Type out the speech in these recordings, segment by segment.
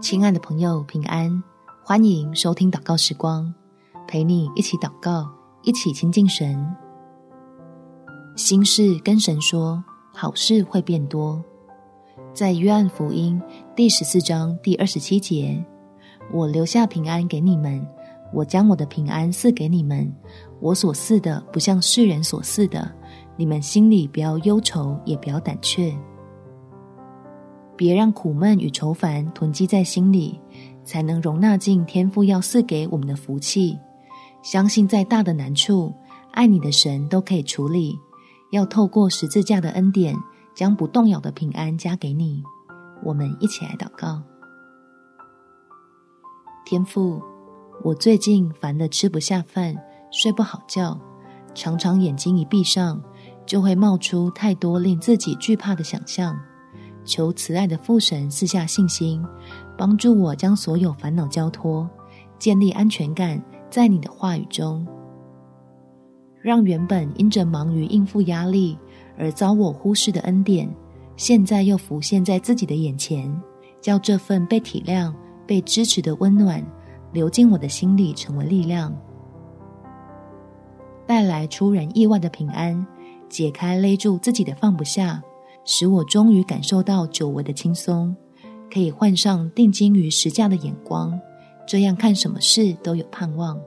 親愛的朋友，平安！歡迎收聽禱告時光，陪你一起禱告，一起親近神。心事跟神說，好事會變多。在約翰福音第十四章第二十七節，我留下平安給你們，我將我的平安賜給你們，我所賜的不像世人所賜的，你們心裡不要憂愁，也不要膽怯。別讓苦悶與愁煩囤積在心裡，才能容納進天父要賜給我們的福氣。相信再大的難處，愛你的神都可以處理。要透過十字架的恩典，將不動搖的平安加給你。我們一起來禱告。天父，我最近煩得吃不下飯，睡不好覺，常常眼睛一閉上，就會冒出太多令自己懼怕的想象。求慈愛的父神賜下信心，幫助我將所有煩惱交托，建立安全感，在你的話語中。讓原本因着忙於應付壓力而遭我忽視的恩典，現在又浮現在自己的眼前。叫這份被體諒、被支持的溫暖流進我的心裡，成為力量，帶來出人意外的平安，解開勒住自己的放不下。使我終於感受到久違的輕鬆，可以換上定睛於十架的眼光，這樣看什麼事都有盼望。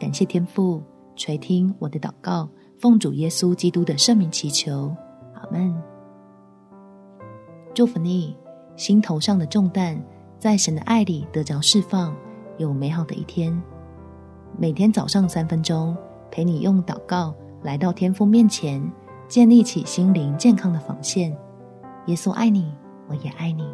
感謝天父垂聽我的禱告，奉主耶穌基督的聖名祈求，阿門。祝福你，心頭上的重擔在神的愛裡得着釋放，有美好的一天。每天早上三分鐘，陪你用禱告來到天父面前，建立起心靈健康的防線。耶穌愛你，我也愛你。